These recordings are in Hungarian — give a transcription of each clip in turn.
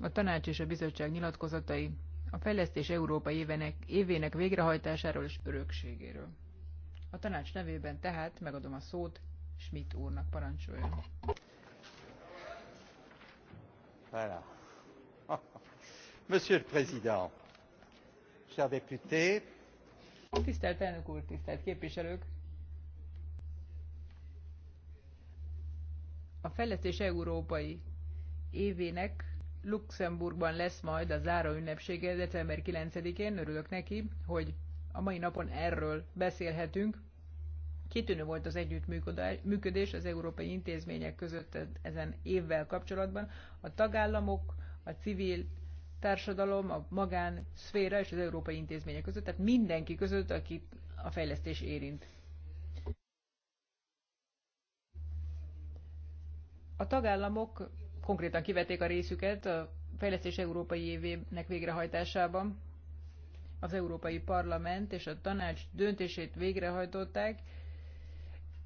A tanács és a bizottság nyilatkozatai a fejlesztés Európa évenek, évének végrehajtásáról és örökségéről. A tanács nevében tehát megadom a szót Schmidt úrnak parancsoljon. Voilà. Monsieur le Président, chers députés, Tisztelt elnök úr, tisztelt képviselők! A fejlesztés európai évének Luxemburgban lesz majd a záró ünnepsége december 9-én. Örülök neki, hogy a mai napon erről beszélhetünk. Kitűnő volt az együttműködés az európai intézmények között ezen évvel kapcsolatban. A tagállamok, a civil társadalom, a magán szféra és az európai intézmények között, tehát mindenki között, akit a fejlesztés érint. A tagállamok konkrétan kivették a részüket a Fejlesztés Európai Évének végrehajtásában. Az Európai Parlament és a Tanács döntését végrehajtották.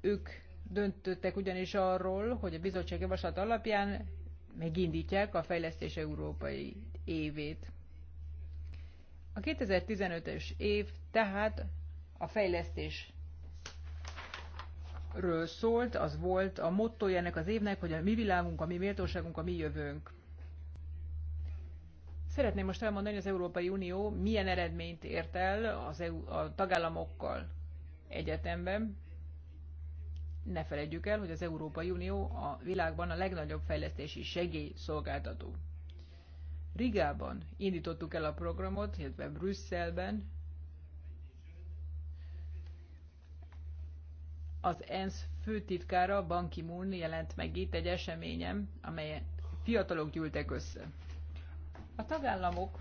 Ők döntöttek ugyanis arról, hogy a bizottság javaslat alapján megindítják a Fejlesztés Európai évét. A 2015 es év tehát a fejlesztés ről szólt, az volt a motto ennek az évnek, hogy a mi világunk, a mi méltóságunk, a mi jövőnk. Szeretném most elmondani, hogy az Európai Unió milyen eredményt ért el az EU, a tagállamokkal egyetemben. Ne felejtjük el, hogy az Európai Unió a világban a legnagyobb fejlesztési segélyszolgáltató. Rigában indítottuk el a programot, illetve Brüsszelben az ENSZ főtitkára Ban Ki-moon jelent meg itt egy eseményem, amelyen fiatalok gyűltek össze. A tagállamok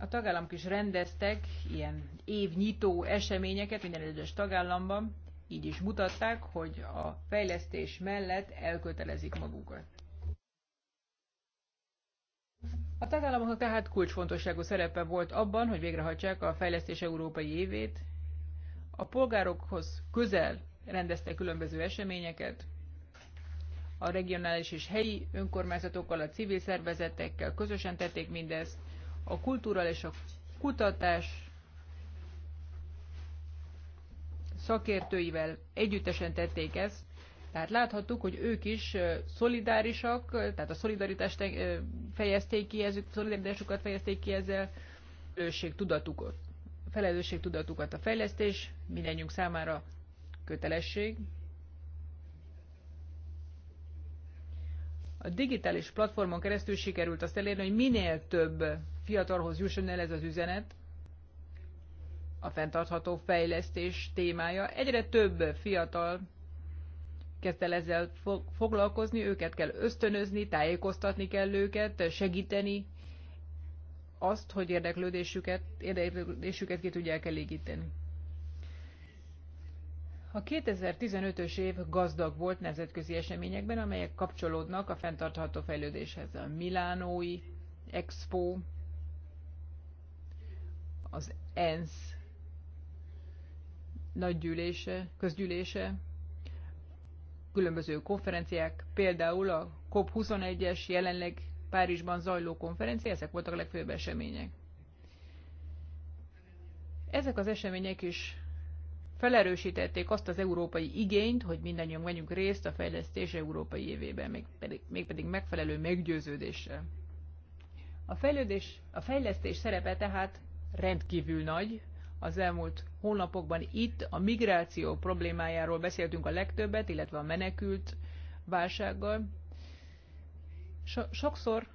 a tagállamok is rendeztek ilyen évnyitó eseményeket minden egyes tagállamban, így is mutatták, hogy a fejlesztés mellett elkötelezik magukat. A tagállamoknak tehát kulcsfontosságú szerepe volt abban, hogy végrehajtsák a Fejlesztés Európai Évét, a polgárokhoz közel rendezte különböző eseményeket, a regionális és helyi önkormányzatokkal, a civil szervezetekkel közösen tették mindezt, a kultúral és a kutatás szakértőivel együttesen tették ezt, tehát láthattuk, hogy ők is szolidárisak, tehát a szolidaritást fejezték ki, ezük, szolidaritásukat fejezték ki ezzel, tudatukot felelősségtudatukat a fejlesztés, mindenjünk számára kötelesség. A digitális platformon keresztül sikerült azt elérni, hogy minél több fiatalhoz jusson el ez az üzenet, a fenntartható fejlesztés témája. Egyre több fiatal kezdte ezzel foglalkozni, őket kell ösztönözni, tájékoztatni kell őket, segíteni azt, hogy érdeklődésüket, érdeklődésüket ki tudják elégíteni. A 2015-ös év gazdag volt nemzetközi eseményekben, amelyek kapcsolódnak a fenntartható fejlődéshez. A Milánói Expo, az ENSZ nagygyűlése, közgyűlése, különböző konferenciák, például a COP21-es jelenleg Párizsban zajló konferencia, ezek voltak a legfőbb események. Ezek az események is felerősítették azt az európai igényt, hogy mindannyian vegyünk részt a fejlesztés európai évében, mégpedig, mégpedig megfelelő meggyőződéssel. A, fejlődés, a fejlesztés szerepe tehát rendkívül nagy. Az elmúlt hónapokban itt a migráció problémájáról beszéltünk a legtöbbet, illetve a menekült válsággal. So- sokszor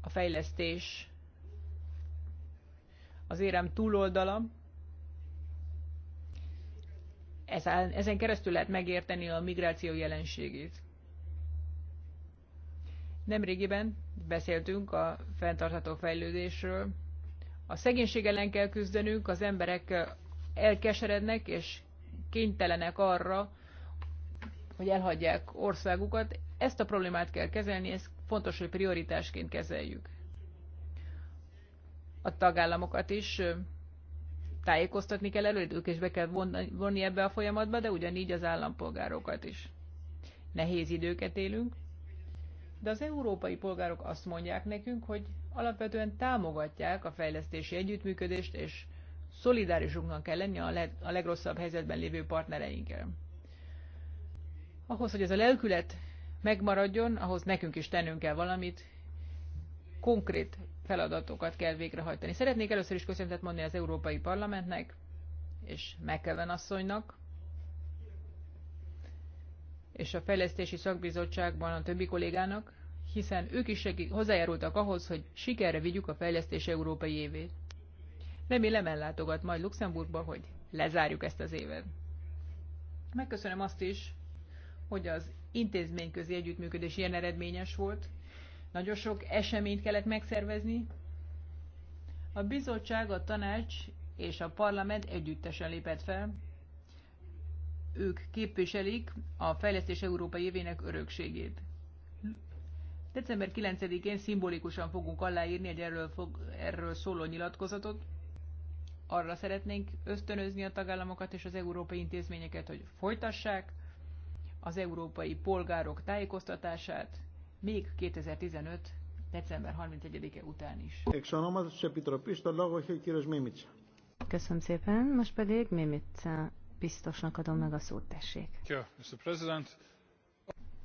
a fejlesztés az érem túloldala, ezen keresztül lehet megérteni a migráció jelenségét. Nemrégiben beszéltünk a fenntartható fejlődésről. A szegénység ellen kell küzdenünk, az emberek elkeserednek és kénytelenek arra, hogy elhagyják országukat. Ezt a problémát kell kezelni, ezt fontos, hogy prioritásként kezeljük. A tagállamokat is tájékoztatni kell előtt, és be kell vonni ebbe a folyamatba, de ugyanígy az állampolgárokat is. Nehéz időket élünk, de az európai polgárok azt mondják nekünk, hogy alapvetően támogatják a fejlesztési együttműködést, és szolidárisunknak kell lenni a legrosszabb helyzetben lévő partnereinkkel. Ahhoz, hogy ez a lelkület megmaradjon, ahhoz nekünk is tennünk kell valamit, konkrét feladatokat kell végrehajtani. Szeretnék először is köszöntet mondani az Európai Parlamentnek, és McKellen asszonynak, és a Fejlesztési Szakbizottságban a többi kollégának, hiszen ők is hozzájárultak ahhoz, hogy sikerre vigyük a Fejlesztés Európai évét. Remélem ellátogat majd Luxemburgba, hogy lezárjuk ezt az évet. Megköszönöm azt is, hogy az intézményközi együttműködés ilyen eredményes volt. Nagyon sok eseményt kellett megszervezni. A bizottság, a tanács és a parlament együttesen lépett fel. Ők képviselik a Fejlesztés Európai évének örökségét. December 9-én szimbolikusan fogunk aláírni egy erről, fog, erről szóló nyilatkozatot. Arra szeretnénk ösztönözni a tagállamokat és az európai intézményeket, hogy folytassák az európai polgárok tájékoztatását még 2015. december 31-e után is. Köszönöm szépen, most pedig Mimica biztosnak adom meg a szót, tessék.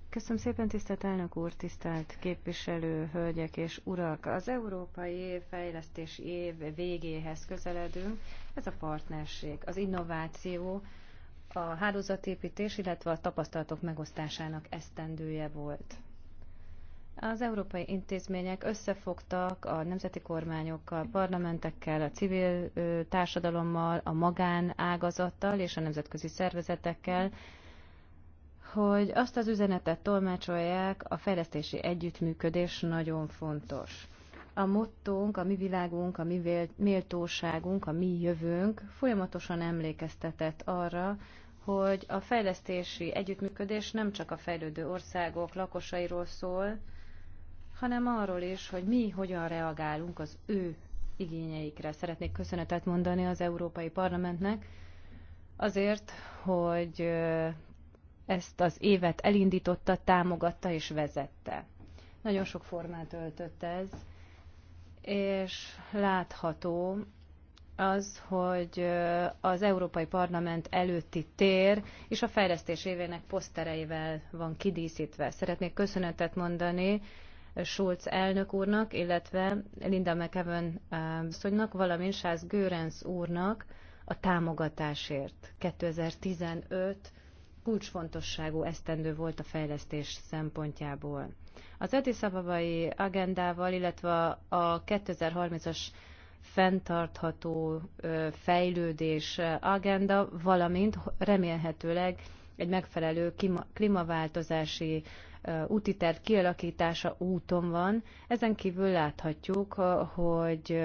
Köszönöm szépen, tisztelt elnök úr, tisztelt képviselő, hölgyek és urak! Az Európai Év Fejlesztési Év végéhez közeledünk. Ez a partnerség, az innováció, a hálózatépítés, illetve a tapasztalatok megosztásának esztendője volt. Az európai intézmények összefogtak a nemzeti kormányokkal, parlamentekkel, a civil társadalommal, a magánágazattal és a nemzetközi szervezetekkel, hogy azt az üzenetet tolmácsolják, a fejlesztési együttműködés nagyon fontos. A mottónk, a mi világunk, a mi méltóságunk, a mi jövőnk folyamatosan emlékeztetett arra, hogy a fejlesztési együttműködés nem csak a fejlődő országok lakosairól szól, hanem arról is, hogy mi hogyan reagálunk az ő igényeikre. Szeretnék köszönetet mondani az Európai Parlamentnek azért, hogy ezt az évet elindította, támogatta és vezette. Nagyon sok formát öltött ez, és látható az, hogy az Európai Parlament előtti tér és a fejlesztés évének posztereivel van kidíszítve. Szeretnék köszönetet mondani Schulz elnök úrnak, illetve Linda McEwen asszonynak, valamint Sász Görens úrnak a támogatásért. 2015 kulcsfontosságú esztendő volt a fejlesztés szempontjából. Az Addis agendával, illetve a 2030-as fenntartható fejlődés agenda, valamint remélhetőleg egy megfelelő klímaváltozási útiterv kialakítása úton van. Ezen kívül láthatjuk, hogy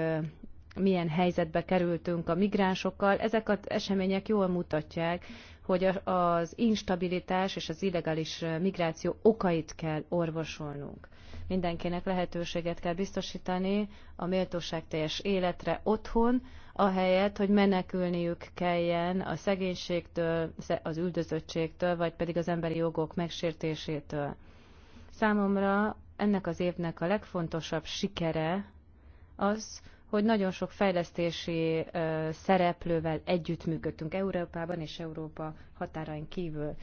milyen helyzetbe kerültünk a migránsokkal. Ezek az események jól mutatják, hogy az instabilitás és az illegális migráció okait kell orvosolnunk. Mindenkinek lehetőséget kell biztosítani a méltóság teljes életre otthon, ahelyett, hogy menekülniük kelljen a szegénységtől, az üldözöttségtől, vagy pedig az emberi jogok megsértésétől. Számomra ennek az évnek a legfontosabb sikere az, hogy nagyon sok fejlesztési szereplővel együttműködtünk Európában és Európa határain kívül.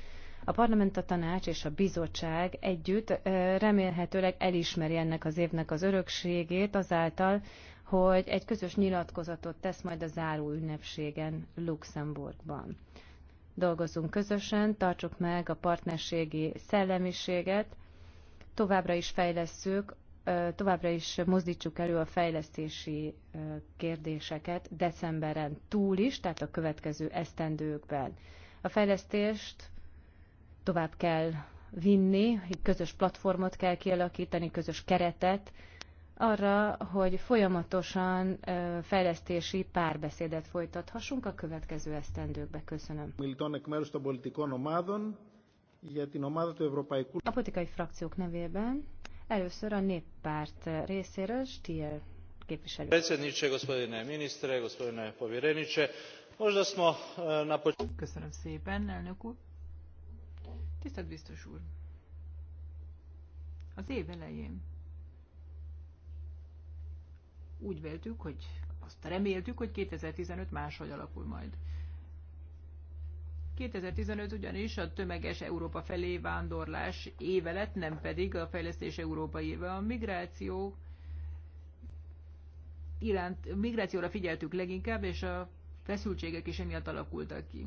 A parlament, a tanács és a bizottság együtt remélhetőleg elismeri ennek az évnek az örökségét azáltal, hogy egy közös nyilatkozatot tesz majd a záró ünnepségen Luxemburgban. Dolgozzunk közösen, tartsuk meg a partnerségi szellemiséget, továbbra is fejlesszük, továbbra is mozdítsuk elő a fejlesztési kérdéseket decemberen túl is, tehát a következő esztendőkben. A fejlesztést tovább kell vinni, közös platformot kell kialakítani, közös keretet arra, hogy folyamatosan fejlesztési párbeszédet folytathassunk a következő esztendőkbe. Köszönöm. A politikai frakciók nevében először a néppárt részéről Stier képviselő. Köszönöm szépen, elnök úr. Tisztelt biztos úr! Az év elején úgy véltük, hogy azt reméltük, hogy 2015 máshogy alakul majd. 2015 ugyanis a tömeges Európa felé vándorlás éve lett, nem pedig a fejlesztés Európa éve. A migráció iránt, migrációra figyeltük leginkább, és a feszültségek is emiatt alakultak ki.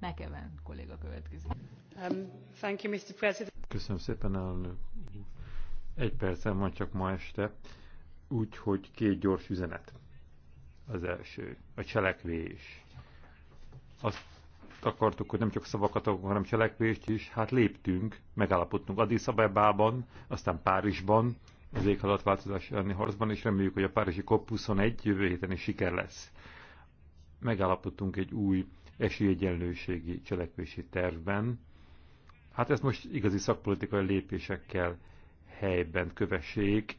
Mekeven kolléga következik. Um, thank you, Mr. President. Köszönöm szépen, elnök Egy percem van csak ma este, úgyhogy két gyors üzenet. Az első, a cselekvés. Azt akartuk, hogy nem csak szavakat hanem cselekvést is. Hát léptünk, megállapodtunk Addis Abebában, aztán Párizsban, az éghajlatváltozás elleni harcban, és reméljük, hogy a Párizsi COP21 jövő héten is siker lesz. Megállapodtunk egy új esélyegyenlőségi cselekvési tervben. Hát ezt most igazi szakpolitikai lépésekkel helyben kövessék,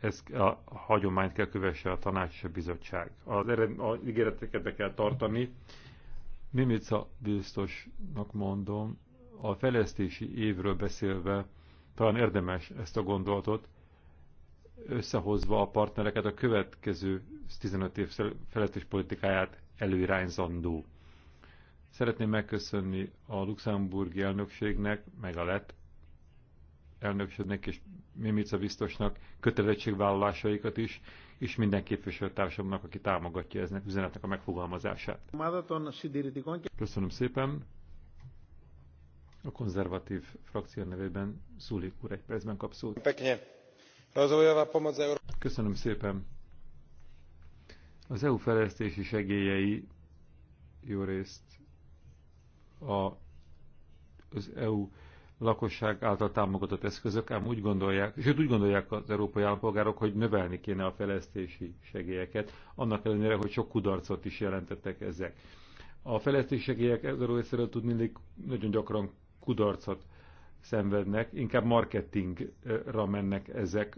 ez a hagyományt kell kövesse a tanács és a bizottság. Az, az ígéreteket be kell tartani. Mimica biztosnak mondom, a fejlesztési évről beszélve talán érdemes ezt a gondolatot, összehozva a partnereket a következő 15 év fejlesztés politikáját előirányzandó Szeretném megköszönni a luxemburgi elnökségnek, meg a lett elnökségnek és Mimica biztosnak kötelezettségvállalásaikat is, és minden képviselőtársamnak, aki támogatja eznek üzenetnek a megfogalmazását. Köszönöm szépen. A konzervatív frakció nevében Zulik úr egy percben kap szót. Köszönöm szépen. Az EU fejlesztési segélyei jó részt a, az EU lakosság által támogatott eszközök, ám úgy gondolják, sőt úgy gondolják az európai állampolgárok, hogy növelni kéne a fejlesztési segélyeket, annak ellenére, hogy sok kudarcot is jelentettek ezek. A fejlesztési segélyek ezzel egyszerűen tud mindig nagyon gyakran kudarcot szenvednek, inkább marketingra mennek ezek,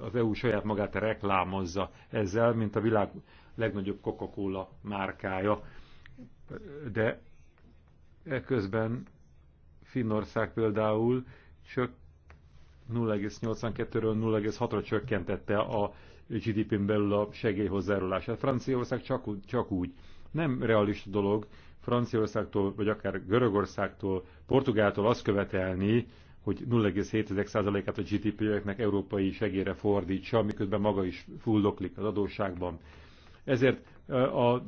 az EU saját magát reklámozza ezzel, mint a világ legnagyobb Coca-Cola márkája. De Ekközben Finnország például csak 0,82-ről 0,6-ra csökkentette a GDP-n belül a segélyhozzárulását. Franciaország csak, csak úgy. Nem realista dolog Franciaországtól, vagy akár Görögországtól, Portugáltól azt követelni, hogy 0,7%-át a GDP-eknek európai segélyre fordítsa, miközben maga is fulloklik az adósságban. Ezért a, a,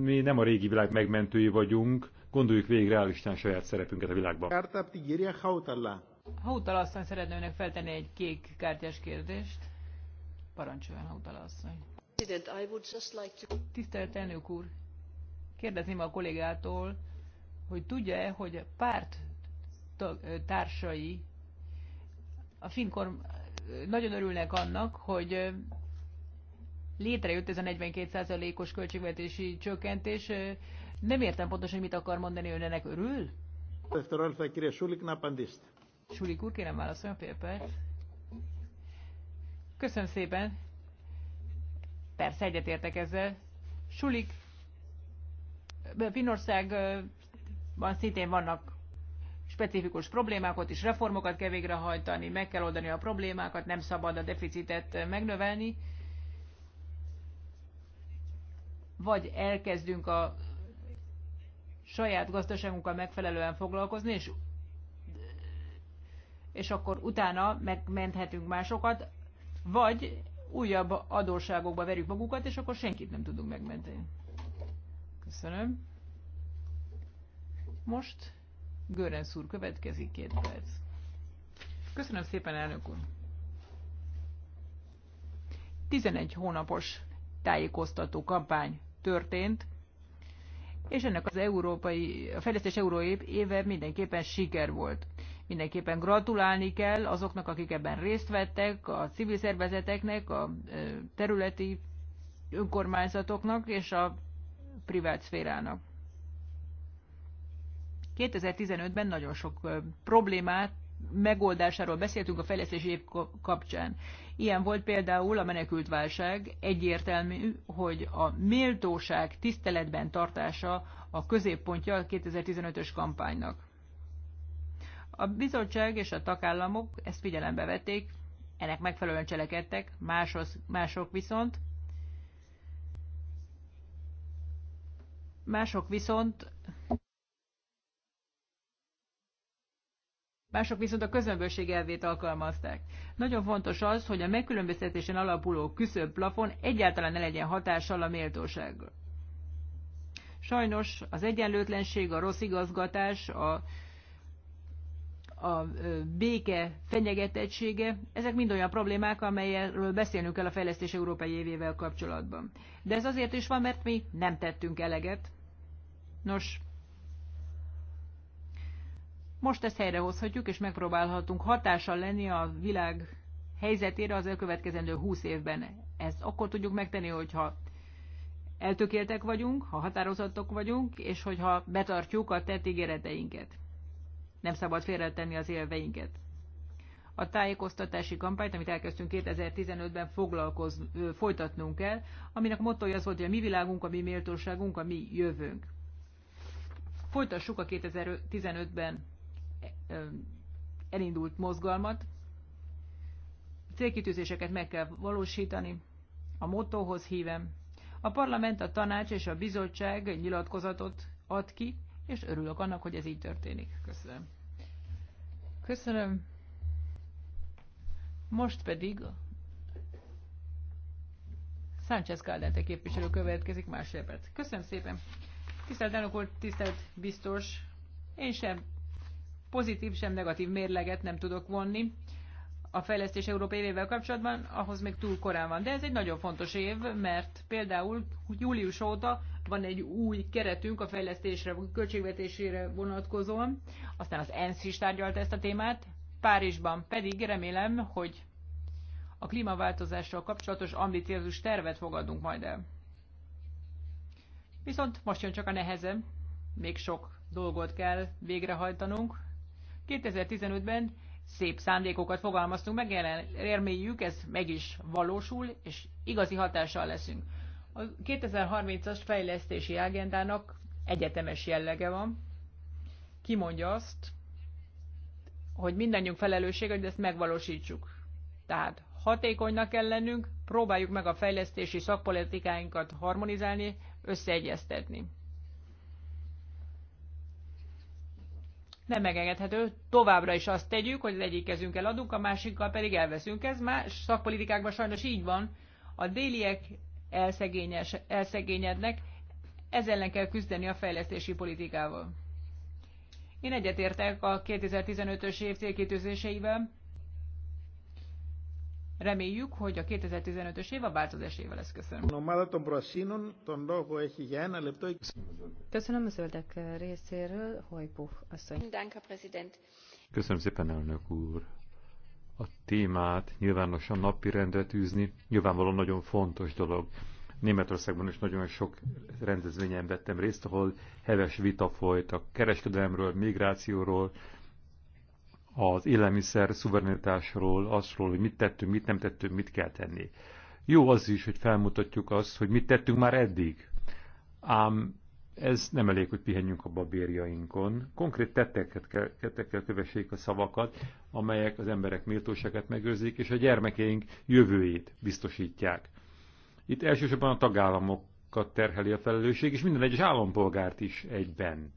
mi nem a régi világ megmentői vagyunk, Gondoljuk végig realistán saját szerepünket a világban. Hautala asszony szeretne önnek feltenni egy kék kártyás kérdést. Parancsoljon, Hautala asszony. Tisztelt elnök úr, kérdezném a kollégától, hogy tudja-e, hogy párt társai a finkorm nagyon örülnek annak, hogy létrejött ez a 42%-os költségvetési csökkentés, nem értem pontosan, hogy mit akar mondani, ön ennek örül? Δευτερόλεπτα, κύριε Σούλικ, να απαντήσετε. Σούλικ úr, kérem válaszoljon fél perc. Köszönöm szépen. Persze egyetértek ezzel. Sulik, Finországban szintén vannak specifikus problémák, ott is reformokat kell végrehajtani, meg kell oldani a problémákat, nem szabad a deficitet megnövelni. Vagy elkezdünk a saját gazdaságunkkal megfelelően foglalkozni, és, és akkor utána megmenthetünk másokat, vagy újabb adósságokba verjük magukat, és akkor senkit nem tudunk megmenteni. Köszönöm. Most Görens úr következik két perc. Köszönöm szépen, elnök úr. 11 hónapos tájékoztató kampány történt és ennek az európai, a fejlesztés európai éve mindenképpen siker volt. Mindenképpen gratulálni kell azoknak, akik ebben részt vettek, a civil szervezeteknek, a területi önkormányzatoknak és a privát szférának. 2015-ben nagyon sok problémát megoldásáról beszéltünk a fejlesztési év kapcsán. Ilyen volt például a menekültválság, egyértelmű, hogy a méltóság tiszteletben tartása a középpontja a 2015-ös kampánynak. A bizottság és a tagállamok ezt figyelembe vették, ennek megfelelően cselekedtek, máshoz, mások viszont mások viszont mások viszont a közömbösség elvét alkalmazták. Nagyon fontos az, hogy a megkülönböztetésen alapuló küszöbb plafon egyáltalán ne legyen hatással a méltóságra. Sajnos az egyenlőtlenség, a rossz igazgatás, a a béke fenyegetettsége, ezek mind olyan problémák, amelyről beszélnünk kell a fejlesztés európai évével kapcsolatban. De ez azért is van, mert mi nem tettünk eleget. Nos, most ezt helyrehozhatjuk, és megpróbálhatunk hatással lenni a világ helyzetére az elkövetkezendő 20 évben. Ezt akkor tudjuk megtenni, hogyha eltökéltek vagyunk, ha határozatok vagyunk, és hogyha betartjuk a tett ígéreteinket. Nem szabad félretenni az élveinket. A tájékoztatási kampányt, amit elkezdtünk 2015-ben foglalkoz, folytatnunk kell, aminek mottoja az volt, hogy a mi világunk, a mi méltóságunk, a mi jövőnk. Folytassuk a 2015-ben elindult mozgalmat. célkitűzéseket meg kell valósítani. A motóhoz hívem. A parlament, a tanács és a bizottság egy nyilatkozatot ad ki, és örülök annak, hogy ez így történik. Köszönöm. Köszönöm. Most pedig Sánchez Caldente képviselő következik másfél Köszönöm szépen. Tisztelt elnök úr, tisztelt biztos, én sem pozitív, sem negatív mérleget nem tudok vonni a fejlesztés európai évével kapcsolatban, ahhoz még túl korán van. De ez egy nagyon fontos év, mert például július óta van egy új keretünk a fejlesztésre, költségvetésére vonatkozóan, aztán az ENSZ is tárgyalta ezt a témát, Párizsban pedig remélem, hogy a klímaváltozással kapcsolatos ambiciózus tervet fogadunk majd el. Viszont most jön csak a nehezem, még sok dolgot kell végrehajtanunk, 2015-ben szép szándékokat fogalmaztunk meg, reméljük ez meg is valósul, és igazi hatással leszünk. A 2030-as fejlesztési agendának egyetemes jellege van. Kimondja azt, hogy mindannyiunk felelősség, hogy ezt megvalósítsuk. Tehát hatékonynak kell lennünk, próbáljuk meg a fejlesztési szakpolitikáinkat harmonizálni, összeegyeztetni. nem megengedhető. Továbbra is azt tegyük, hogy az egyik kezünkkel adunk, a másikkal pedig elveszünk. Ez más szakpolitikákban sajnos így van. A déliek elszegényes, elszegényednek, ez ellen kell küzdeni a fejlesztési politikával. Én egyetértek a 2015-ös év célkitűzéseivel, Reméljük, hogy a 2015-ös év a változás éve lesz. Köszönöm. Köszönöm a zöldek részéről, Hojbuch asszony. Köszönöm szépen, elnök úr. A témát nyilvánosan rendre tűzni nyilvánvalóan nagyon fontos dolog. Németországban is nagyon sok rendezvényen vettem részt, ahol heves vita folyt a kereskedelemről, migrációról, az élelmiszer szuverenitásról, azról, hogy mit tettünk, mit nem tettünk, mit kell tenni. Jó az is, hogy felmutatjuk azt, hogy mit tettünk már eddig. Ám ez nem elég, hogy pihenjünk a babérjainkon. Konkrét tetteket kell, tettekkel kövessék a szavakat, amelyek az emberek méltóságát megőrzik, és a gyermekeink jövőjét biztosítják. Itt elsősorban a tagállamokat terheli a felelősség, és minden egyes állampolgárt is egyben.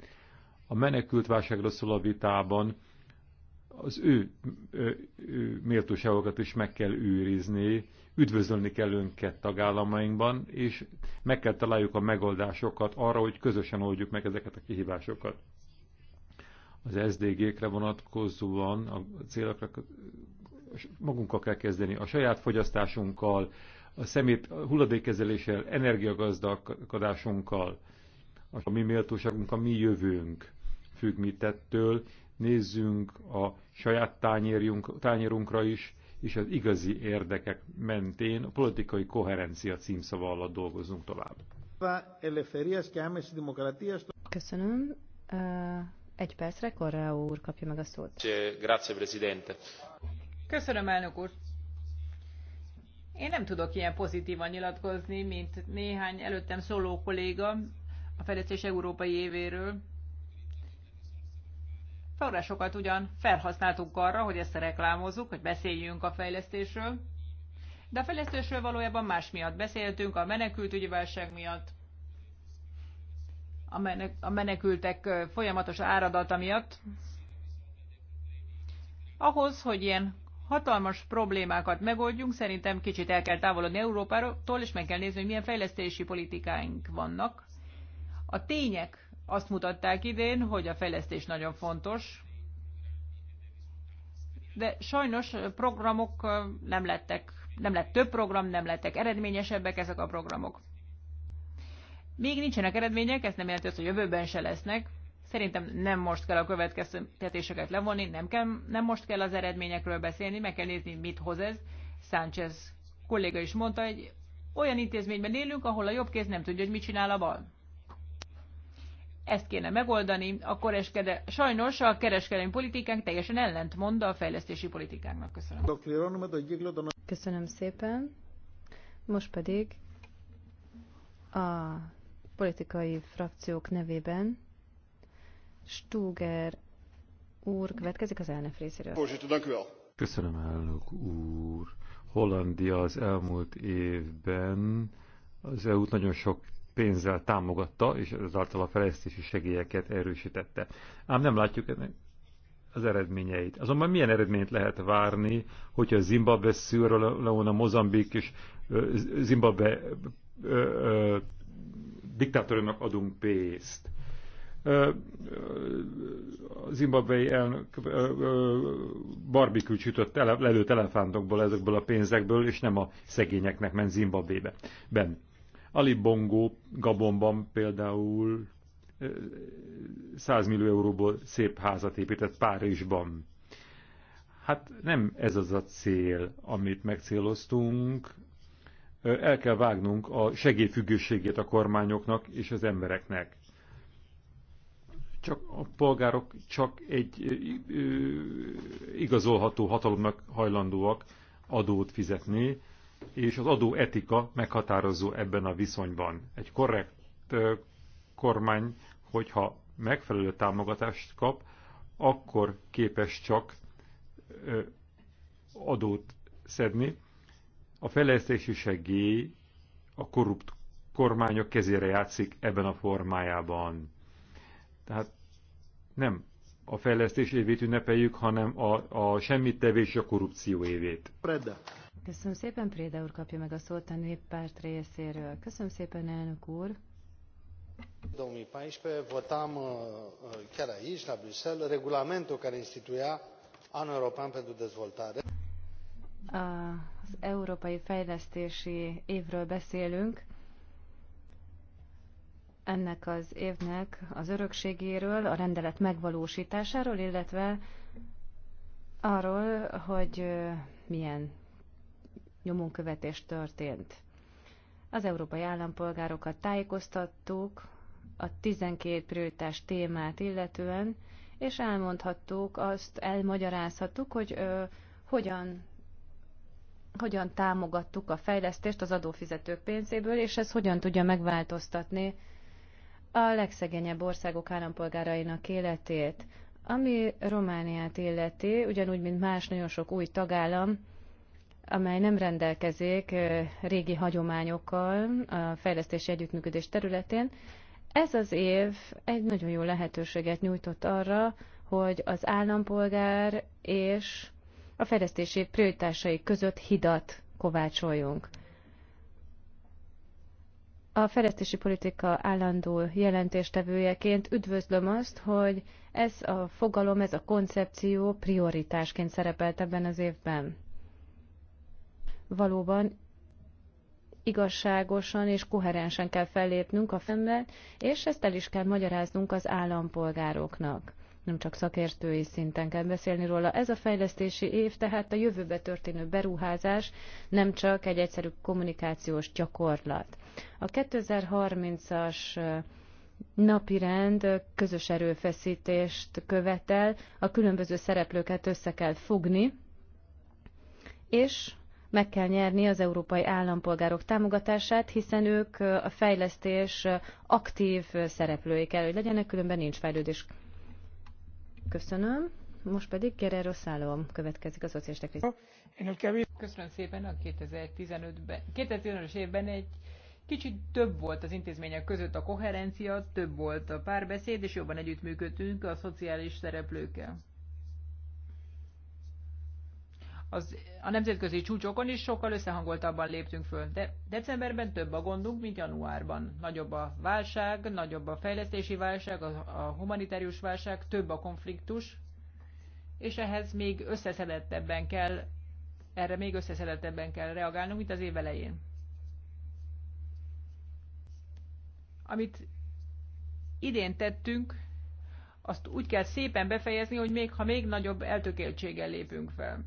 A menekült válságra szól a vitában az ő, ő, ő méltóságokat is meg kell őrizni, üdvözölni kell önket tagállamainkban, és meg kell találjuk a megoldásokat arra, hogy közösen oldjuk meg ezeket a kihívásokat. Az SDG-kre vonatkozóan a célokra magunkkal kell kezdeni, a saját fogyasztásunkkal, a szemét a hulladékkezeléssel, energiagazdalkodásunkkal, a mi méltóságunk, a mi jövőnk függ mitettől, nézzünk a saját tányérjunk, tányérunkra is, és az igazi érdekek mentén a politikai koherencia címszava alatt dolgozunk tovább. Köszönöm. Egy percre Korrao úr kapja meg a szót. Grazie, Presidente. Köszönöm, elnök úr. Én nem tudok ilyen pozitívan nyilatkozni, mint néhány előttem szóló kolléga a Fejlesztés Európai évéről. Forrásokat ugyan felhasználtuk arra, hogy ezt reklámozzuk, hogy beszéljünk a fejlesztésről, de a fejlesztésről valójában más miatt beszéltünk, a menekültügyi válság miatt, a menekültek folyamatos áradata miatt. Ahhoz, hogy ilyen hatalmas problémákat megoldjunk, szerintem kicsit el kell távolodni Európától, és meg kell nézni, hogy milyen fejlesztési politikáink vannak. A tények azt mutatták idén, hogy a fejlesztés nagyon fontos, de sajnos programok nem lettek, nem lett több program, nem lettek eredményesebbek ezek a programok. Még nincsenek eredmények, ez nem jelenti azt, hogy jövőben se lesznek. Szerintem nem most kell a következtetéseket levonni, nem, kell, nem most kell az eredményekről beszélni, meg kell nézni, mit hoz ez. Sánchez kolléga is mondta, hogy olyan intézményben élünk, ahol a jobb kéz nem tudja, hogy mit csinál a bal ezt kéne megoldani, a koreskede... sajnos a kereskedelmi politikánk teljesen ellent mond a fejlesztési politikának. Köszönöm. Köszönöm szépen. Most pedig a politikai frakciók nevében Stuger úr következik az elnök részéről. Köszönöm, elnök úr. Hollandia az elmúlt évben az EU-t nagyon sok pénzzel támogatta, és ezáltal a fejlesztési segélyeket erősítette. Ám nem látjuk ennek az eredményeit. Azonban milyen eredményt lehet várni, hogyha Zimbabwe, Sierra Leone, Mozambik és Zimbabwe diktátoroknak adunk pénzt. Zimbabwei elnök barbikült sütött ele, lelőtt elefántokból ezekből a pénzekből, és nem a szegényeknek ment Zimbabvébe. Ben. Ali Bongo Gabonban például 100 millió euróból szép házat épített Párizsban. Hát nem ez az a cél, amit megcéloztunk. El kell vágnunk a segélyfüggőségét a kormányoknak és az embereknek. Csak a polgárok csak egy igazolható hatalomnak hajlandóak adót fizetni, és az adó etika meghatározó ebben a viszonyban. Egy korrekt kormány, hogyha megfelelő támogatást kap, akkor képes csak adót szedni. A fejlesztési segély a korrupt kormányok kezére játszik ebben a formájában. Tehát nem a fejlesztés évét ünnepeljük, hanem a, a tevés a korrupció évét. Preda. Köszönöm szépen, Préda úr kapja meg a szót a néppárt részéről. Köszönöm szépen, elnök úr. 2014 votam uh, uh, chiar aici, la Bruxelles, regulamentul care instituia Anul European pentru Dezvoltare. Az Európai Fejlesztési Évről beszélünk. Ennek az évnek az örökségéről, a rendelet megvalósításáról, illetve arról, hogy uh, milyen nyomonkövetés történt. Az európai állampolgárokat tájékoztattuk a 12 prioritás témát illetően, és elmondhattuk, azt elmagyarázhattuk, hogy ö, hogyan hogyan támogattuk a fejlesztést az adófizetők pénzéből, és ez hogyan tudja megváltoztatni a legszegényebb országok állampolgárainak életét. Ami Romániát illeti, ugyanúgy, mint más nagyon sok új tagállam, amely nem rendelkezik régi hagyományokkal a fejlesztési együttműködés területén. Ez az év egy nagyon jó lehetőséget nyújtott arra, hogy az állampolgár és a fejlesztési prioritásai között hidat kovácsoljunk. A fejlesztési politika állandó jelentéstevőjeként üdvözlöm azt, hogy ez a fogalom, ez a koncepció prioritásként szerepelt ebben az évben valóban igazságosan és koherensen kell fellépnünk a fennben, és ezt el is kell magyaráznunk az állampolgároknak. Nem csak szakértői szinten kell beszélni róla. Ez a fejlesztési év, tehát a jövőbe történő beruházás nem csak egy egyszerű kommunikációs gyakorlat. A 2030-as rend közös erőfeszítést követel, a különböző szereplőket össze kell fogni, és meg kell nyerni az európai állampolgárok támogatását, hiszen ők a fejlesztés aktív szereplői kell, hogy legyenek, különben nincs fejlődés. Köszönöm. Most pedig Guerrero Szálom következik a szociális Köszönöm szépen a 2015-ben. 2015-ös évben egy kicsit több volt az intézmények között a koherencia, több volt a párbeszéd, és jobban együttműködtünk a szociális szereplőkkel az, a nemzetközi csúcsokon is sokkal összehangoltabban léptünk föl, de decemberben több a gondunk, mint januárban. Nagyobb a válság, nagyobb a fejlesztési válság, a, a humanitárius válság, több a konfliktus, és ehhez még összeszedettebben kell, erre még összeszedettebben kell reagálnunk, mint az év elején. Amit idén tettünk, azt úgy kell szépen befejezni, hogy még ha még nagyobb eltökéltséggel lépünk fel.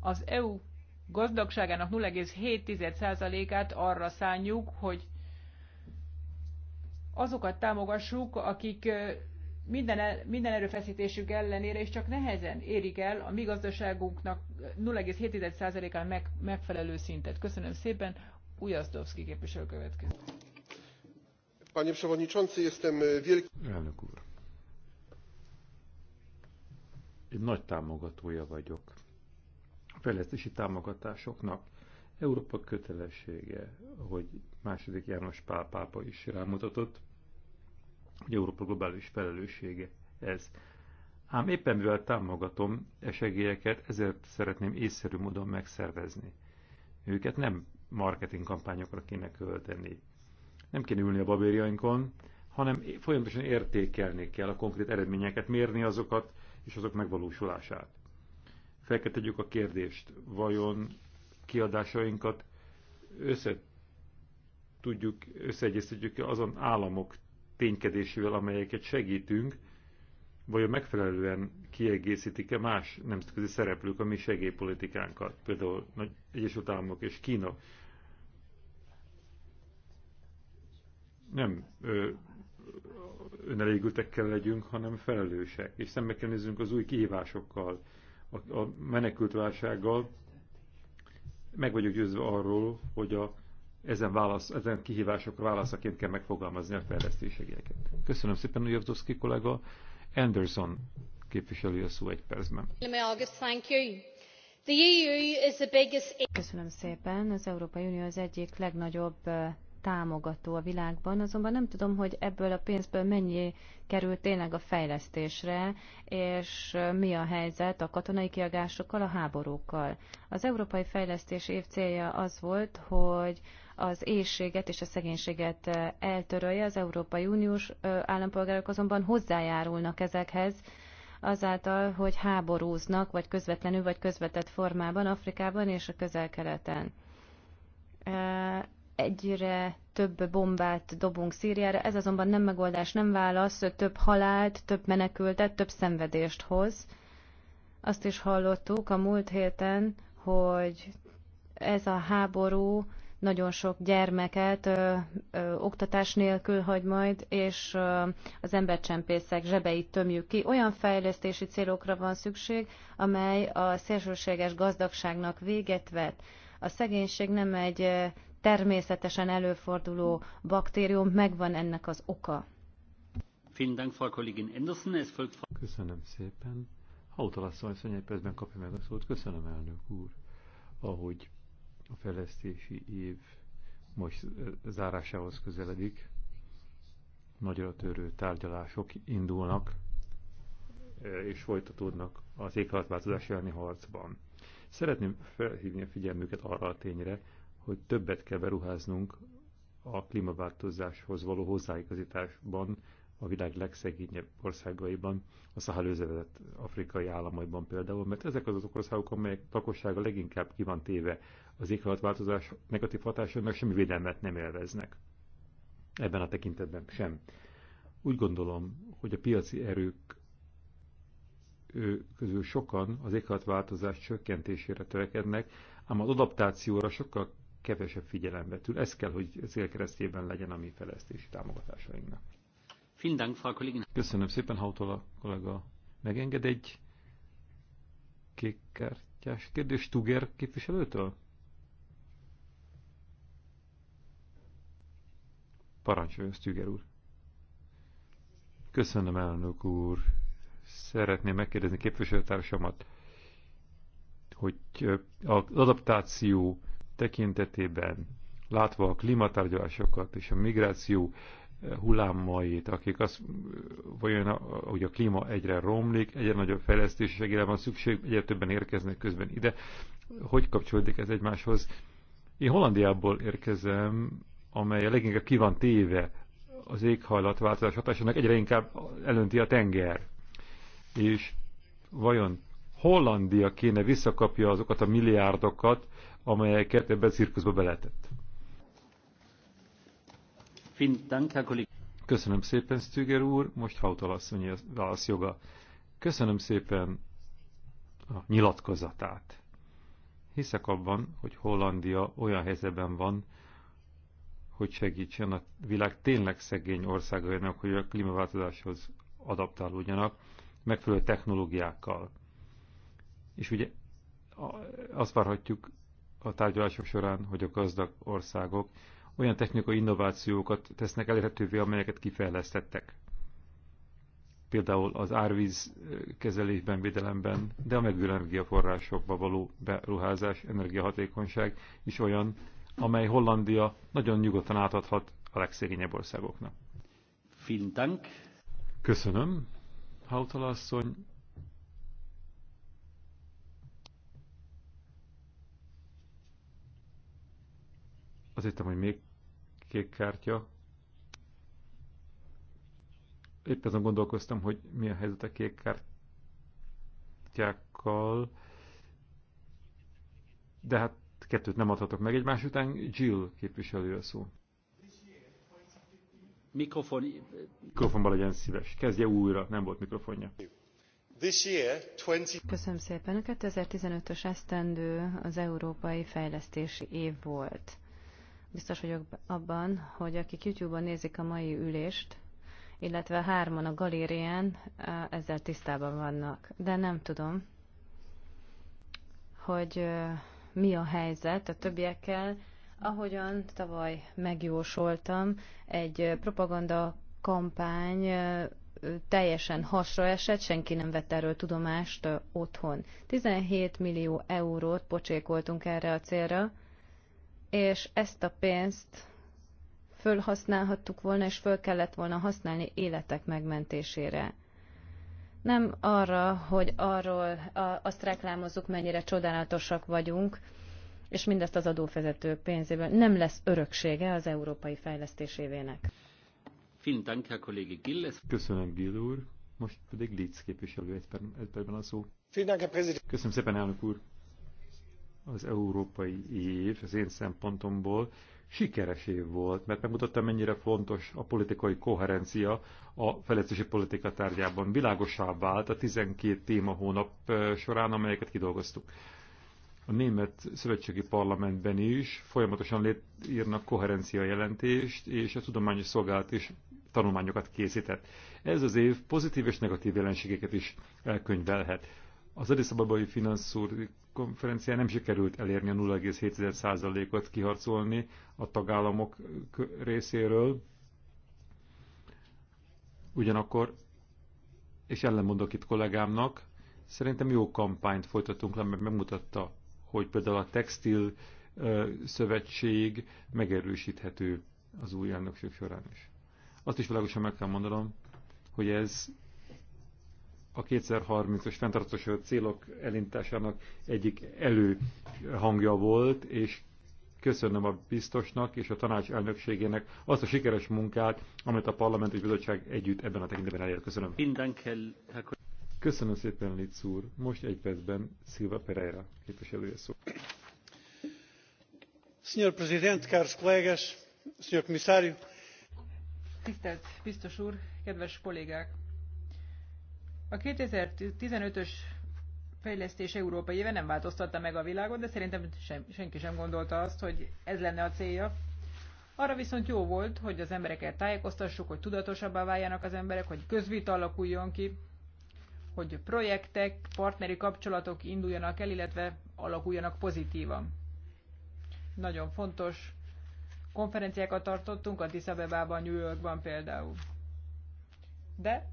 Az EU gazdagságának 0,7%-át arra szánjuk, hogy azokat támogassuk, akik minden, el, minden erőfeszítésük ellenére, is csak nehezen érik el a mi gazdaságunknak 0,7%-án meg, megfelelő szintet. Köszönöm szépen, Ujazdowski képviselő következő. Panie Przewodniczący, jestem e, wielki... Elnök úr. Én nagy támogatója vagyok a fejlesztési támogatásoknak. Európa kötelessége, hogy második János Pál pápa is rámutatott, hogy Európa globális felelőssége ez. Ám éppen mivel támogatom e segélyeket, ezért szeretném észszerű módon megszervezni. Őket nem marketing kampányokra kéne költeni. Nem kéne ülni a babérjainkon, hanem folyamatosan értékelni kell a konkrét eredményeket, mérni azokat és azok megvalósulását fel kell tegyük a kérdést, vajon kiadásainkat össze tudjuk, összeegyeztetjük -e azon államok ténykedésével, amelyeket segítünk, vajon megfelelően kiegészítik-e más nemzetközi szereplők a mi segélypolitikánkat, például Nagy Egyesült Államok és Kína. Nem önelégültekkel legyünk, hanem felelősek, és szembe kell nézzünk az új kihívásokkal, a, a válsággal, meg vagyok győzve arról, hogy a, ezen, válasz, ezen kihívásokra válaszaként kell megfogalmazni a fejlesztésegélyeket. Köszönöm szépen, Ujjavdoszki kollega. Anderson képviseli a szó egy percben. E Köszönöm szépen. Az Európai Unió az egyik legnagyobb támogató a világban, azonban nem tudom, hogy ebből a pénzből mennyi került tényleg a fejlesztésre, és mi a helyzet a katonai kiagásokkal, a háborúkkal. Az Európai Fejlesztés év célja az volt, hogy az éjséget és a szegénységet eltörölje, az Európai Uniós állampolgárok azonban hozzájárulnak ezekhez, azáltal, hogy háborúznak, vagy közvetlenül, vagy közvetett formában Afrikában és a közel-keleten egyre több bombát dobunk Szíriára, ez azonban nem megoldás, nem válasz, több halált, több menekültet, több szenvedést hoz. Azt is hallottuk a múlt héten, hogy ez a háború nagyon sok gyermeket ö, ö, oktatás nélkül hagy majd, és ö, az embercsempészek zsebeit tömjük ki. Olyan fejlesztési célokra van szükség, amely a szélsőséges gazdagságnak véget vet. A szegénység nem egy természetesen előforduló baktérium, megvan ennek az oka. Köszönöm szépen. Hautalasszony Szonyai percben kapja meg a szót. Köszönöm, elnök úr. Ahogy a fejlesztési év most zárásához közeledik, nagyra törő tárgyalások indulnak és folytatódnak az éghajlatváltozás elleni harcban. Szeretném felhívni a figyelmüket arra a tényre, hogy többet kell beruháznunk a klímaváltozáshoz való hozzáigazításban a világ legszegényebb országaiban, a szahelőzevezet afrikai államaiban például, mert ezek az azok országok, amelyek lakossága leginkább ki van téve az éghajlatváltozás negatív hatásainak, semmi védelmet nem élveznek. Ebben a tekintetben sem. Úgy gondolom, hogy a piaci erők közül sokan az éghajlatváltozás csökkentésére törekednek, ám az adaptációra sokkal kevesebb figyelembe tül. Ez kell, hogy célkeresztében legyen a mi fejlesztési támogatásainknak. Köszönöm szépen, a kollega. Megenged egy kékkártyás kérdés Tuger képviselőtől? Parancsoljon, Stuger úr. Köszönöm, elnök úr. Szeretném megkérdezni képviselőtársamat, hogy az adaptáció tekintetében, látva a klímatárgyalásokat és a migráció eh, hullámait, akik azt, eh, vajon, eh, hogy a klíma egyre romlik, egyre nagyobb fejlesztés segélyre van szükség, egyre többen érkeznek közben ide. Hogy kapcsolódik ez egymáshoz? Én Hollandiából érkezem, amely a leginkább ki van téve az éghajlatváltozás hatásának, egyre inkább elönti a tenger. És vajon Hollandia kéne visszakapja azokat a milliárdokat, amelyeket ebbe a cirkuszba beletett. Köszönöm szépen, Stüger úr, most hautalasszonyi válasz joga. Köszönöm szépen a nyilatkozatát. Hiszek abban, hogy Hollandia olyan helyzetben van, hogy segítsen a világ tényleg szegény országainak, hogy a klímaváltozáshoz adaptálódjanak, megfelelő technológiákkal. És ugye azt várhatjuk a tárgyalások során, hogy a gazdag országok olyan technikai innovációkat tesznek elérhetővé, amelyeket kifejlesztettek. Például az árvíz kezelésben, védelemben, de a megújuló energiaforrásokba való beruházás, energiahatékonyság is olyan, amely Hollandia nagyon nyugodtan átadhat a legszegényebb országoknak. Köszönöm, Hautala asszony. Azért, hittem, hogy még kék kártya. Épp azon gondolkoztam, hogy mi a helyzet a kék kártyákkal. De hát kettőt nem adhatok meg egymás után. Jill képviselő a szó. Mikrofon... Mikrofonban legyen szíves. Kezdje újra, nem volt mikrofonja. Köszönöm szépen. A 2015-ös esztendő az európai fejlesztési év volt. Biztos vagyok abban, hogy akik YouTube-on nézik a mai ülést, illetve hárman a galérián ezzel tisztában vannak. De nem tudom, hogy mi a helyzet a többiekkel. Ahogyan tavaly megjósoltam, egy propaganda kampány teljesen hasra esett, senki nem vett erről tudomást otthon. 17 millió eurót pocsékoltunk erre a célra, és ezt a pénzt fölhasználhattuk volna, és föl kellett volna használni életek megmentésére. Nem arra, hogy arról azt reklámozzuk, mennyire csodálatosak vagyunk, és mindezt az adófizetők pénzéből. Nem lesz öröksége az európai fejlesztésévének. Köszönöm, Gil úr. Most pedig Litz képviselő egy percben a szó. Köszönöm szépen, elnök úr az európai év az én szempontomból sikeres év volt, mert megmutatta, mennyire fontos a politikai koherencia a fejlesztési politika tárgyában. Világosá vált a 12 téma hónap során, amelyeket kidolgoztuk. A német szövetségi parlamentben is folyamatosan írnak koherencia jelentést, és a tudományos szolgálat is tanulmányokat készített. Ez az év pozitív és negatív jelenségeket is elkönyvelhet. Az Addis Ababai konferencián nem sikerült elérni a 0,7%-ot kiharcolni a tagállamok részéről. Ugyanakkor, és ellenmondok itt kollégámnak, szerintem jó kampányt folytatunk le, mert megmutatta, hogy például a textil szövetség megerősíthető az új elnökség során is. Azt is világosan meg kell mondanom, hogy ez a 2030 os fenntartós célok elintásának egyik előhangja volt, és köszönöm a biztosnak és a tanács elnökségének azt a sikeres munkát, amit a parlament és bizottság együtt ebben a tekintetben elér. Köszönöm. Köszönöm szépen, Litz úr. Most egy percben Silva Pereira képviselője szó. Senhor Presidente, caros colegas, Senhor Comissário. Tisztelt biztos úr, kedves kollégák! A 2015-ös fejlesztés európai éve nem változtatta meg a világot, de szerintem sem, senki sem gondolta azt, hogy ez lenne a célja. Arra viszont jó volt, hogy az embereket tájékoztassuk, hogy tudatosabbá váljanak az emberek, hogy közvita alakuljon ki, hogy projektek, partneri kapcsolatok induljanak el, illetve alakuljanak pozitívan. Nagyon fontos konferenciákat tartottunk, a Disabebában, New Yorkban például. De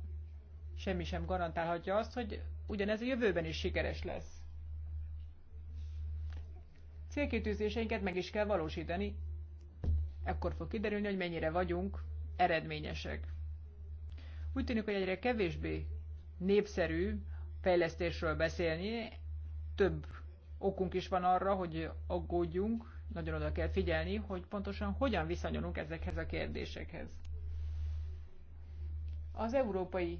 semmi sem garantálhatja azt, hogy ugyanez a jövőben is sikeres lesz. Célkitűzéseinket meg is kell valósítani, ekkor fog kiderülni, hogy mennyire vagyunk eredményesek. Úgy tűnik, hogy egyre kevésbé népszerű fejlesztésről beszélni, több okunk is van arra, hogy aggódjunk, nagyon oda kell figyelni, hogy pontosan hogyan viszonyulunk ezekhez a kérdésekhez. Az európai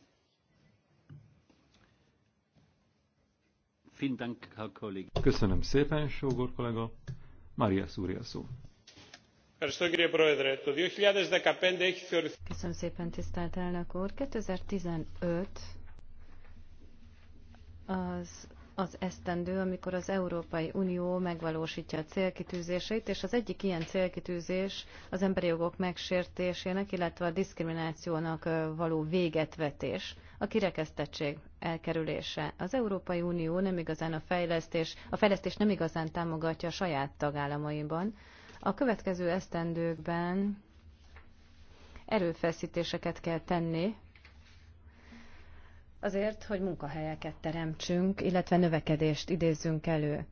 Köszönöm szépen, Sógor kollega. Mária Szúria szó. Köszönöm szépen, tisztelt elnök úr. 2015 az az esztendő, amikor az Európai Unió megvalósítja a célkitűzéseit, és az egyik ilyen célkitűzés az emberi jogok megsértésének, illetve a diszkriminációnak való véget vetés, a kirekesztettség elkerülése. Az Európai Unió nem igazán a fejlesztés, a fejlesztés nem igazán támogatja a saját tagállamaiban. A következő esztendőkben erőfeszítéseket kell tenni azért, hogy munkahelyeket teremtsünk, illetve növekedést idézzünk elő.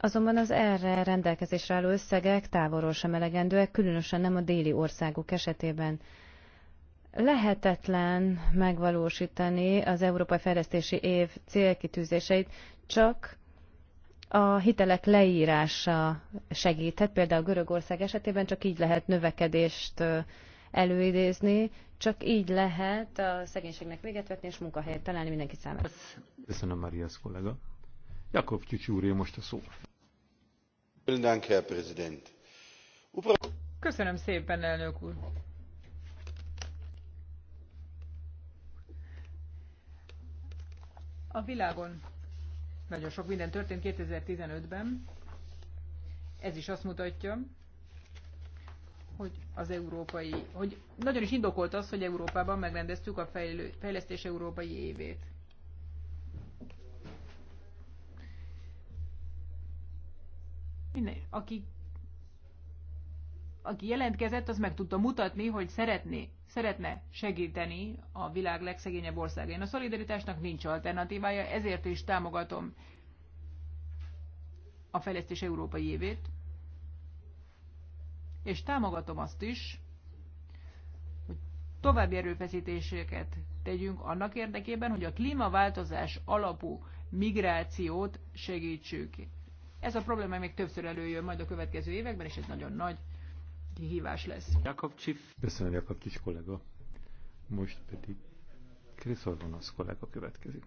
Azonban az erre rendelkezésre álló összegek távolról sem elegendőek, különösen nem a déli országok esetében. Lehetetlen megvalósítani az Európai Fejlesztési Év célkitűzéseit, csak a hitelek leírása segíthet, például Görögország esetében csak így lehet növekedést előidézni, csak így lehet a szegénységnek véget vetni és munkahelyet találni mindenki számára. Köszönöm, Marias kollega. Jakob Tyücsi úr, most a szó. Köszönöm szépen, elnök úr. A világon nagyon sok minden történt 2015-ben. Ez is azt mutatja, hogy az európai, hogy nagyon is indokolt az, hogy Európában megrendeztük a fejlő, fejlesztés európai évét. Minden, aki, aki jelentkezett, az meg tudta mutatni, hogy szeretné, szeretne segíteni a világ legszegényebb országain. A szolidaritásnak nincs alternatívája, ezért is támogatom a fejlesztés európai évét és támogatom azt is, hogy további erőfeszítéseket tegyünk annak érdekében, hogy a klímaváltozás alapú migrációt segítsük. Ez a probléma még többször előjön majd a következő években, és ez nagyon nagy kihívás lesz. Jakob Csif. Köszönöm, Jakob Csif kollega. Most pedig Kriszorvonasz kollega következik.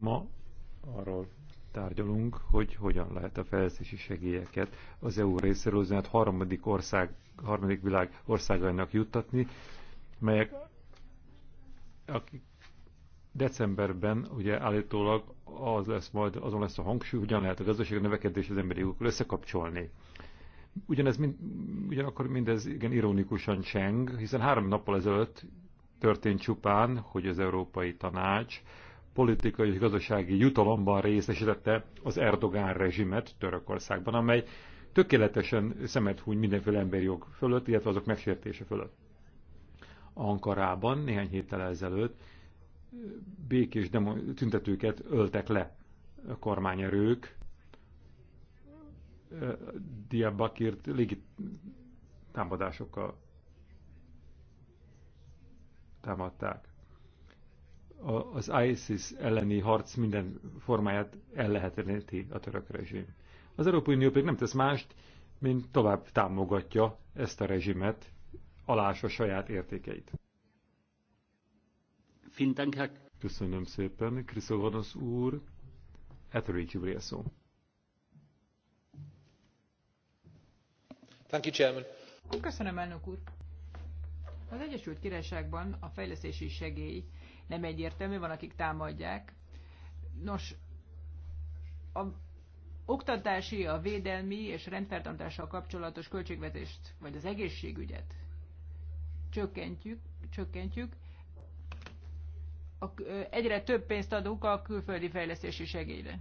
Ma arról tárgyalunk, hogy hogyan lehet a fejlesztési segélyeket az EU részéről üzenet harmadik ország, harmadik világ országainak juttatni, melyek akik decemberben ugye állítólag az lesz majd, azon lesz a hangsúly, hogyan lehet a gazdaság a növekedés az emberi jogokkal összekapcsolni. Ugyanez mind, ugyanakkor mindez igen ironikusan cseng, hiszen három nappal ezelőtt történt csupán, hogy az Európai Tanács politikai és gazdasági jutalomban részesítette az Erdogán rezsimet Törökországban, amely tökéletesen szemet húny mindenféle emberi jog fölött, illetve azok megsértése fölött. Ankarában néhány héttel ezelőtt békés demo- tüntetőket öltek le a kormányerők, Diabakirt légi támadásokkal támadták az ISIS elleni harc minden formáját ellehetetleníti a török rezsim. Az Európai Unió pedig nem tesz mást, mint tovább támogatja ezt a rezsimet, alása saját értékeit. Köszönöm szépen, Kriszolvanos úr. Etheridge úr szó. Thank you, Chairman. Köszönöm, elnök úr. Az Egyesült Királyságban a fejlesztési segély nem egyértelmű, van, akik támadják. Nos, a oktatási, a védelmi és rendfertartással kapcsolatos költségvetést, vagy az egészségügyet csökkentjük, csökkentjük a, egyre több pénzt adunk a külföldi fejlesztési segélyre.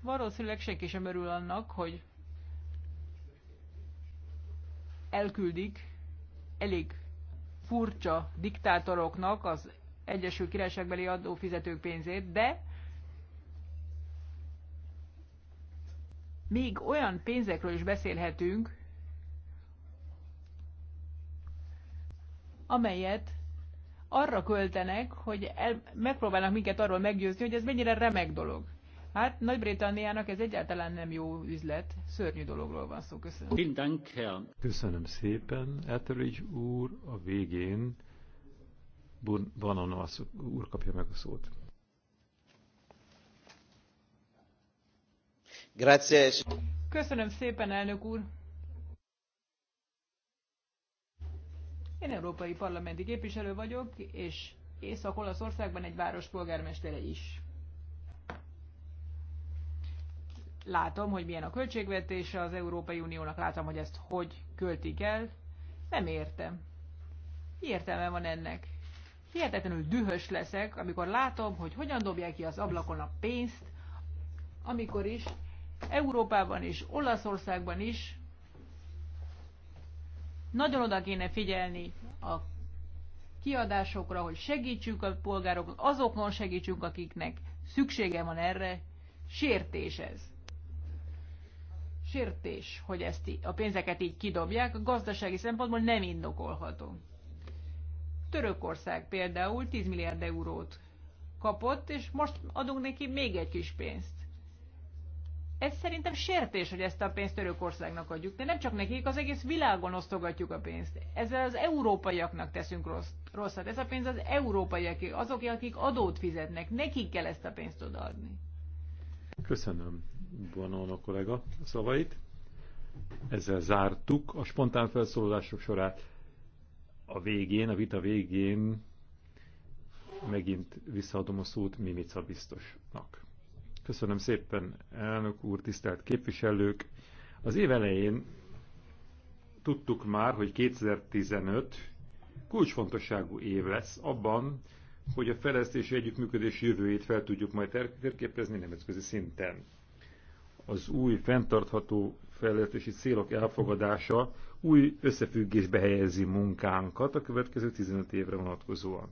Valószínűleg senki sem örül annak, hogy elküldik elég furcsa diktátoroknak az Egyesült Királyságbeli adófizetők pénzét, de még olyan pénzekről is beszélhetünk, amelyet arra költenek, hogy el, megpróbálnak minket arról meggyőzni, hogy ez mennyire remek dolog. Hát Nagy-Britanniának ez egyáltalán nem jó üzlet, szörnyű dologról van szó, köszönöm. Köszönöm szépen, Etheridge úr, a végén Banana úr kapja meg a szót. Grazie. Köszönöm szépen, elnök úr. Én európai parlamenti képviselő vagyok, és Észak-Olaszországban egy város polgármestere is. látom, hogy milyen a költségvetése az Európai Uniónak, látom, hogy ezt hogy költik el. Nem értem. Értelme van ennek. Hihetetlenül dühös leszek, amikor látom, hogy hogyan dobják ki az ablakon a pénzt, amikor is Európában is, Olaszországban is nagyon oda kéne figyelni a kiadásokra, hogy segítsünk a polgároknak, azokon segítsünk, akiknek szüksége van erre, sértés ez sértés, hogy ezt a pénzeket így kidobják, a gazdasági szempontból nem indokolható. Törökország például 10 milliárd eurót kapott, és most adunk neki még egy kis pénzt. Ez szerintem sértés, hogy ezt a pénzt Törökországnak adjuk, de nem csak nekik, az egész világon osztogatjuk a pénzt. Ezzel az európaiaknak teszünk rossz, rosszat. Ez a pénz az európaiak, azok, akik adót fizetnek, nekik kell ezt a pénzt odaadni. Köszönöm. Bonanno kollega szavait. Ezzel zártuk a spontán felszólalások sorát. A végén, a vita végén megint visszaadom a szót Mimica biztosnak. Köszönöm szépen, elnök úr, tisztelt képviselők! Az év elején tudtuk már, hogy 2015 kulcsfontosságú év lesz abban, hogy a fejlesztési együttműködés jövőjét fel tudjuk majd térképezni nemzetközi szinten az új fenntartható fejlesztési célok elfogadása új összefüggésbe helyezi munkánkat a következő 15 évre vonatkozóan.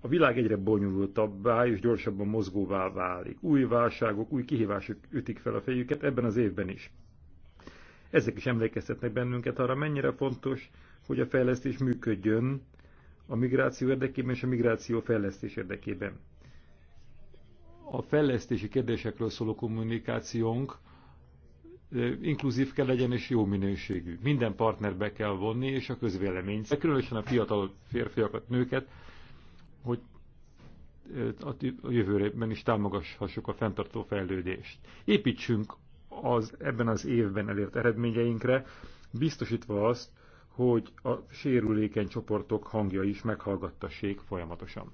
A világ egyre bonyolultabbá és gyorsabban mozgóvá válik. Új válságok, új kihívások ütik fel a fejüket ebben az évben is. Ezek is emlékeztetnek bennünket arra, mennyire fontos, hogy a fejlesztés működjön a migráció érdekében és a migráció fejlesztés érdekében a fejlesztési kérdésekről szóló kommunikációnk inkluzív kell legyen és jó minőségű. Minden partnerbe kell vonni, és a közvéleményt, különösen a fiatal férfiakat, nőket, hogy a jövőben is támogassuk a fenntartó fejlődést. Építsünk az ebben az évben elért eredményeinkre, biztosítva azt, hogy a sérülékeny csoportok hangja is meghallgattassék folyamatosan.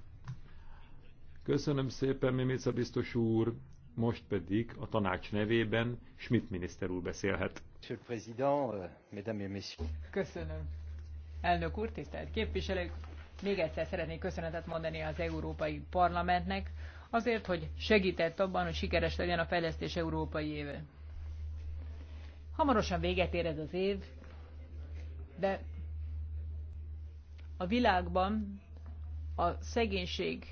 Köszönöm szépen, Mimica biztos úr. Most pedig a tanács nevében Schmidt miniszter úr beszélhet. Euh, Köszönöm. Elnök úr, tisztelt képviselők! Még egyszer szeretnék köszönetet mondani az Európai Parlamentnek azért, hogy segített abban, hogy sikeres legyen a fejlesztés európai éve. Hamarosan véget ér ez az év, de a világban a szegénység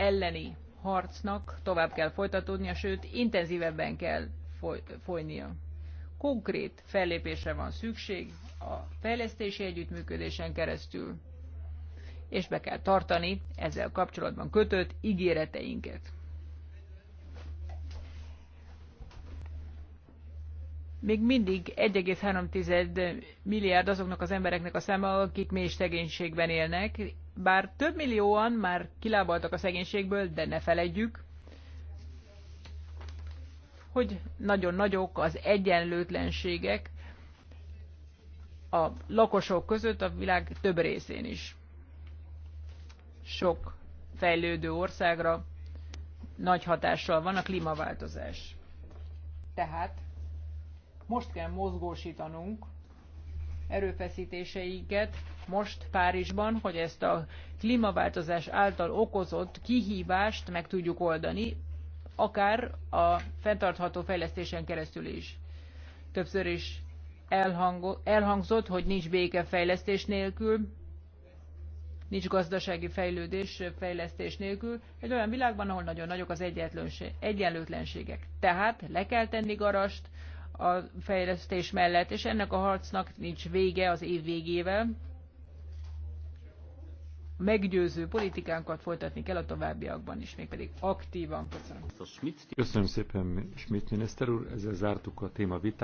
elleni harcnak tovább kell folytatódnia, sőt, intenzívebben kell folynia. Konkrét fellépésre van szükség a fejlesztési együttműködésen keresztül, és be kell tartani ezzel kapcsolatban kötött ígéreteinket. még mindig 1,3 milliárd azoknak az embereknek a száma, akik mély szegénységben élnek, bár több millióan már kilábaltak a szegénységből, de ne feledjük, hogy nagyon nagyok az egyenlőtlenségek a lakosok között a világ több részén is. Sok fejlődő országra nagy hatással van a klímaváltozás. Tehát most kell mozgósítanunk erőfeszítéseiket most Párizsban, hogy ezt a klímaváltozás által okozott kihívást meg tudjuk oldani, akár a fenntartható fejlesztésen keresztül is. Többször is elhangzott, hogy nincs béke fejlesztés nélkül, nincs gazdasági fejlődés fejlesztés nélkül, egy olyan világban, ahol nagyon nagyok az egyenlőtlenségek. Tehát le kell tenni garast, a fejlesztés mellett, és ennek a harcnak nincs vége az év végével. Meggyőző politikánkat folytatni kell a továbbiakban is, mégpedig aktívan. Köszönöm. Köszönöm szépen, Schmidt miniszter úr, ezzel zártuk a téma vitát.